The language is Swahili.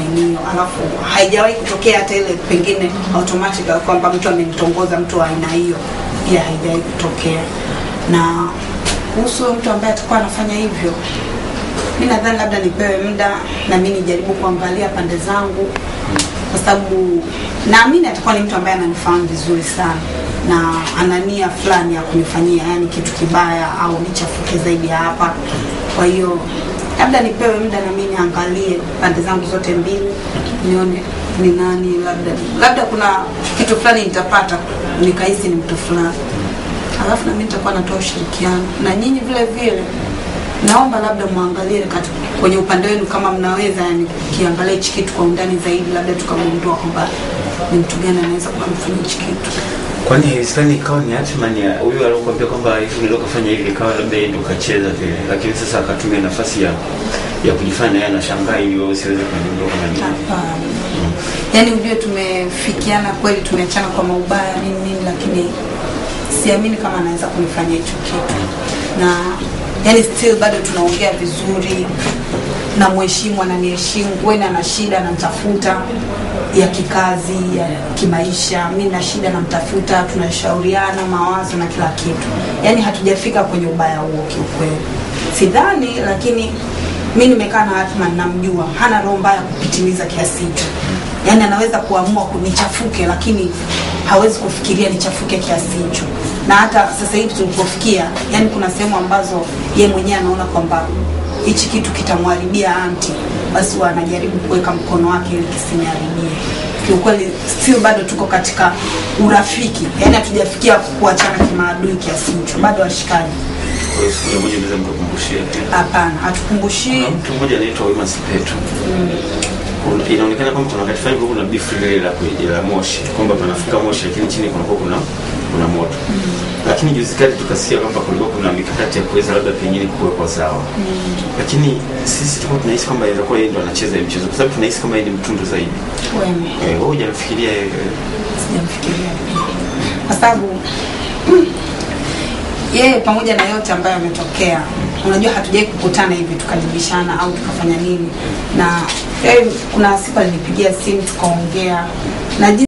zenyewe, alafu haijawahi kutokea hata ile pengine automatic kwamba mtu amenitongoza mtu wa aina hiyo, pia haijawahi kutokea. Na kuhusu mtu ambaye atakuwa anafanya hivyo, mi nadhani labda nipewe muda na mi nijaribu kuangalia pande zangu, kwa sababu naamini atakuwa ni mtu ambaye ananifahamu vizuri sana na anania fulani ya kunifanyia yani kitu kibaya au nichafuke zaidi ya hapa. Kwa hiyo labda nipewe muda na mimi niangalie pande zangu zote mbili, nione ni nani, labda labda kuna kitu fulani nitapata nikahisi ni mtu fulani, alafu na mimi nitakuwa natoa ushirikiano na nyinyi vile vile. Naomba labda muangalie kwenye upande wenu kama mnaweza, yani kiangalia hichi kitu kwa undani zaidi, labda tukagundua kwamba ni mtu gani anaweza kuwa mfanya hichi kitu. Kwani sidhani ikawa ni hatima ni huyu aliyokuambia kwamba hivi unaweza kufanya hivi, ikawa labda yeye kacheza vile, lakini sasa akatumia nafasi ya ya kujifanya yeye anashangaa ili wewe usiweze kuniondoa kama nini. Hapana. Mm. Yaani ujue tumefikiana kweli, tumeachana kwa maubaya nini nini, lakini siamini kama anaweza kunifanya hicho kitu na yani still bado tunaongea vizuri na mheshimu ananiheshimu, wewe ana shida anamtafuta ya kikazi ya kimaisha, mi na shida namtafuta, tunashauriana mawazo na kila kitu. Yani hatujafika kwenye ubaya huo kiukweli, sidhani, lakini mi nimekaa na Athman, namjua hana roho mbaya kupitiliza kiasi hicho. Yani anaweza kuamua kunichafuke, lakini hawezi kufikiria nichafuke kiasi hicho. Na hata sasa hivi tulipofikia, yani kuna sehemu ambazo ye mwenyewe anaona kwamba hichi kitu kitamwaribia anti, basi wanajaribu kuweka mkono wake ili kisimharibie. Kiukweli sio bado tuko katika urafiki, yaani hatujafikia kuachana kimaadui kiasi hicho, bado washikaji. Hapana, hatukumbushii. Mtu mmoja anaitwa Wema Sepetu mm inaonekana kwamba kuna katifani kulikuwa kuna bifu ile la la moshi kwamba panafuka moshi lakini chini kuna kwa kuna kuna moto mm. lakini juzi kati tukasikia kwamba kulikuwa kuna mikakati ya kuweza labda pengine kwa sawa mm. lakini sisi tulikuwa tunahisi kwamba inaweza kuwa yeye ndo anacheza mchezo kwa sababu tunahisi kama yeye ni mtundu zaidi eh, wewe eh, hujamfikiria yeye sijamfikiria kwa sababu yeye pamoja na yote ambayo ametokea unajua hatujai kukutana hivi tukajibishana au tukafanya nini, na eh, kuna siku alinipigia simu tukaongea na